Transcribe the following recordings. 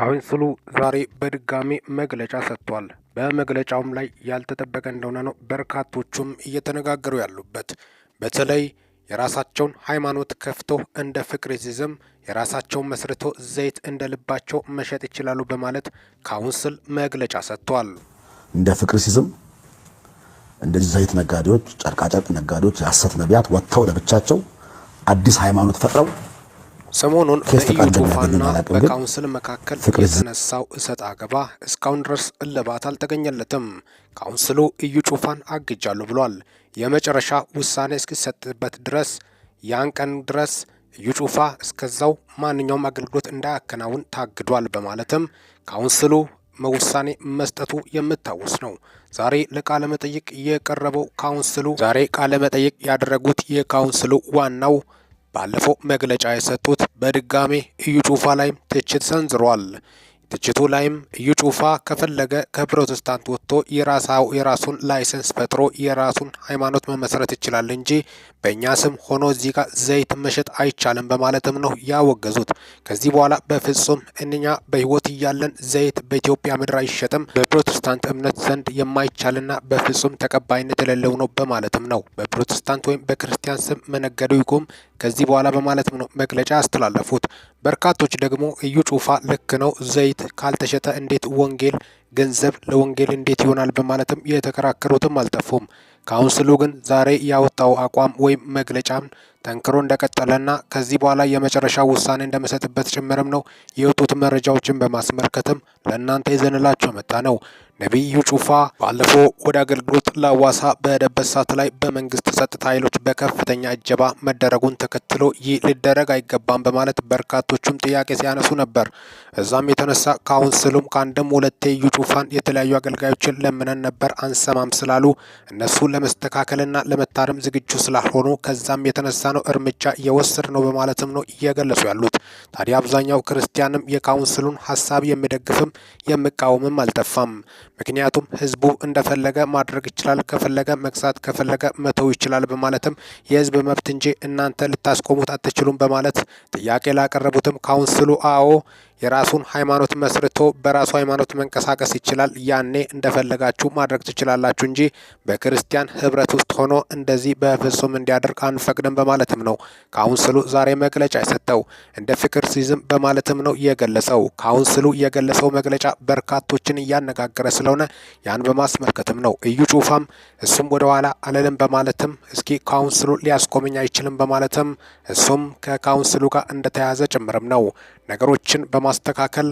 ካውንስሉ ዛሬ በድጋሚ መግለጫ ሰጥቷል። በመግለጫውም ላይ ያልተጠበቀ እንደሆነ ነው በርካቶቹም እየተነጋገሩ ያሉበት። በተለይ የራሳቸውን ሃይማኖት ከፍቶ እንደ ፍቅርሲዝም የራሳቸውን መስርቶ ዘይት እንደ ልባቸው መሸጥ ይችላሉ በማለት ካውንስል መግለጫ ሰጥቷል። እንደ ፍቅርሲዝም እንደዚህ ዘይት ነጋዴዎች፣ ጨርቃጨርቅ ነጋዴዎች፣ የሐሰት ነቢያት ወጥተው ለብቻቸው አዲስ ሃይማኖት ፈጥረው ሰሞኑን በኢዩ ጩፋና በካውንስል መካከል የተነሳው እሰጥ አገባ እስካሁን ድረስ እልባት አልተገኘለትም። ካውንስሉ ኢዩ ጩፋን አግጃለሁ ብሏል። የመጨረሻ ውሳኔ እስኪሰጥበት ድረስ ያን ቀን ድረስ ኢዩ ጩፋ እስከዛው ማንኛውም አገልግሎት እንዳያከናውን ታግዷል በማለትም ካውንስሉ ውሳኔ መስጠቱ የምታወስ ነው። ዛሬ ለቃለ መጠይቅ የቀረበው ካውንስሉ ዛሬ ቃለ መጠይቅ ያደረጉት የካውንስሉ ዋናው ባለፈው መግለጫ የሰጡት በድጋሜ እዩ ጩፋ ላይም ትችት ሰንዝሯል። ትችቱ ላይም እዩ ጩፋ ከፈለገ ከፕሮቴስታንት ወጥቶ የራሳው የራሱን ላይሰንስ ፈጥሮ የራሱን ሃይማኖት መመስረት ይችላል እንጂ በእኛ ስም ሆኖ እዚህ ጋር ዘይት መሸጥ አይቻልም በማለትም ነው ያወገዙት። ከዚህ በኋላ በፍጹም እኛ በህይወት እያለን ዘይት በኢትዮጵያ ምድር አይሸጥም፣ በፕሮቴስታንት እምነት ዘንድ የማይቻልና በፍጹም ተቀባይነት የሌለው ነው በማለትም ነው በፕሮቴስታንት ወይም በክርስቲያን ስም መነገዱ ይቁም ከዚህ በኋላ በማለትም ነው መግለጫ ያስተላለፉት። በርካቶች ደግሞ እዩ ጩፋ ልክ ነው፣ ዘይት ካልተሸጠ እንዴት ወንጌል ገንዘብ ለወንጌል እንዴት ይሆናል በማለትም የተከራከሩትም አልጠፉም። ካውንስሉ ግን ዛሬ ያወጣው አቋም ወይም መግለጫም ጠንክሮ እንደቀጠለና ከዚህ በኋላ የመጨረሻ ውሳኔ እንደምሰጥበት ጭምርም ነው የወጡት መረጃዎችን በማስመልከትም ለእናንተ ይዘንላቸው መጣ ነው። ነቢዩ ጩፋ ባለፈው ወደ አገልግሎት ለአዋሳ በሄደበት ሰዓት ላይ በመንግስት ጸጥታ ኃይሎች በከፍተኛ እጀባ መደረጉን ተከትሎ ይህ ሊደረግ አይገባም በማለት በርካቶቹም ጥያቄ ሲያነሱ ነበር። እዛም የተነሳ ካውንስሉም ከአንድም ሁለቴ እዩ ጩፋን የተለያዩ አገልጋዮችን ለምነን ነበር አንሰማም ስላሉ እነሱ ለመስተካከልና ለመታረም ዝግጁ ስላልሆኑ ከዛም የተነሳ ነው እርምጃ የወሰድ ነው በማለትም ነው እየገለጹ ያሉት። ታዲያ አብዛኛው ክርስቲያንም የካውንስሉን ሀሳብ የሚደግፍም የሚቃወምም አልጠፋም። ምክንያቱም ህዝቡ እንደፈለገ ማድረግ ይችላል፣ ከፈለገ መግዛት፣ ከፈለገ መተው ይችላል በማለትም የህዝብ መብት እንጂ እናንተ ልታስቆሙት አትችሉም በማለት ጥያቄ ላቀረቡትም ካውንስሉ አዎ የራሱን ሃይማኖት መስርቶ በራሱ ሃይማኖት መንቀሳቀስ ይችላል። ያኔ እንደፈለጋችሁ ማድረግ ትችላላችሁ እንጂ በክርስቲያን ህብረት ውስጥ ሆኖ እንደዚህ በፍጹም እንዲያደርግ አንፈቅድም በማለትም ነው ካውንስሉ ዛሬ መግለጫ የሰጠው። እንደ ሲዝም በማለትም ነው የገለጸው። ካውንስሉ የገለጸው መግለጫ በርካቶችን እያነጋገረ ስለሆነ ያን በማስመልከትም ነው እዩ ጩፋም እሱም ወደኋላ አለልም በማለትም እስኪ ካውንስሉ ሊያስቆመኝ አይችልም በማለትም እሱም ከካውንስሉ ጋር እንደተያያዘ ጭምርም ነው ነገሮችን በማ ለማስተካከል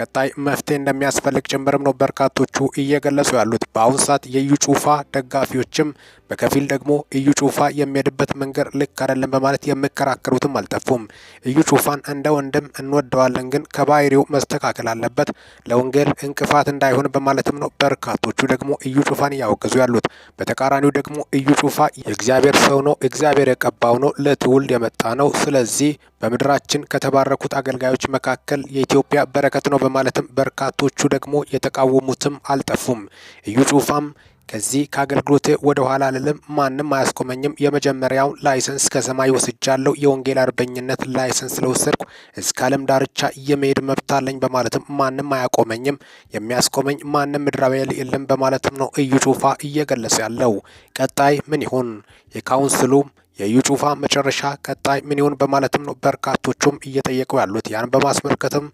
ቀጣይ መፍትሄ እንደሚያስፈልግ ጭምርም ነው በርካቶቹ እየገለጹ ያሉት። በአሁን ሰዓት የዩ ጩፋ ደጋፊዎችም በከፊል ደግሞ እዩ ጩፋ የሚሄድበት መንገድ ልክ አይደለም በማለት የሚከራከሩትም አልጠፉም። እዩ ጩፋን እንደ ወንድም እንወደዋለን፣ ግን ከባህሪው መስተካከል አለበት፣ ለወንጌል እንቅፋት እንዳይሆን በማለትም ነው በርካቶቹ ደግሞ እዩ ጩፋን እያወገዙ ያሉት። በተቃራኒው ደግሞ እዩ ጩፋ የእግዚአብሔር ሰው ነው፣ እግዚአብሔር የቀባው ነው፣ ለትውልድ የመጣ ነው። ስለዚህ በምድራችን ከተባረኩት አገልጋዮች መካከል የኢትዮጵያ በረከት ነው በማለትም በርካቶቹ ደግሞ የተቃወሙትም አልጠፉም። እዩ ጩፋም ከዚህ ከአገልግሎት ወደ ኋላ አልልም፣ ማንም አያስቆመኝም። የመጀመሪያውን ላይሰንስ ከሰማይ ወስጃለሁ። የወንጌል አርበኝነት ላይሰንስ ስለወሰድኩ እስከ ዓለም ዳርቻ የመሄድ መብት አለኝ በማለትም ማንም አያቆመኝም፣ የሚያስቆመኝ ማንም ምድራዊ የለም በማለትም ነው እዩ ጩፋ እየገለጸ ያለው። ቀጣይ ምን ይሆን የካውንስሉ የእዩ ጩፋ መጨረሻ ቀጣይ ምን ይሆን በማለትም ነው በርካቶቹም እየጠየቁ ያሉት። ያን በማስመልከትም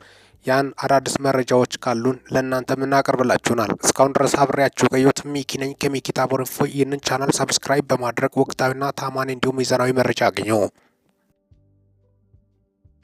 ያን አዳዲስ መረጃዎች ካሉን ለእናንተ እናቀርብላችሁናል። እስካሁን ድረስ አብሬያችሁ ቀዩት ሚኪ ነኝ ከሚኪ ታቦር ኢንፎ። ይህንን ቻናል ሰብስክራይብ በማድረግ ወቅታዊና ታማኒ እንዲሁም ሚዛናዊ መረጃ አግኙ።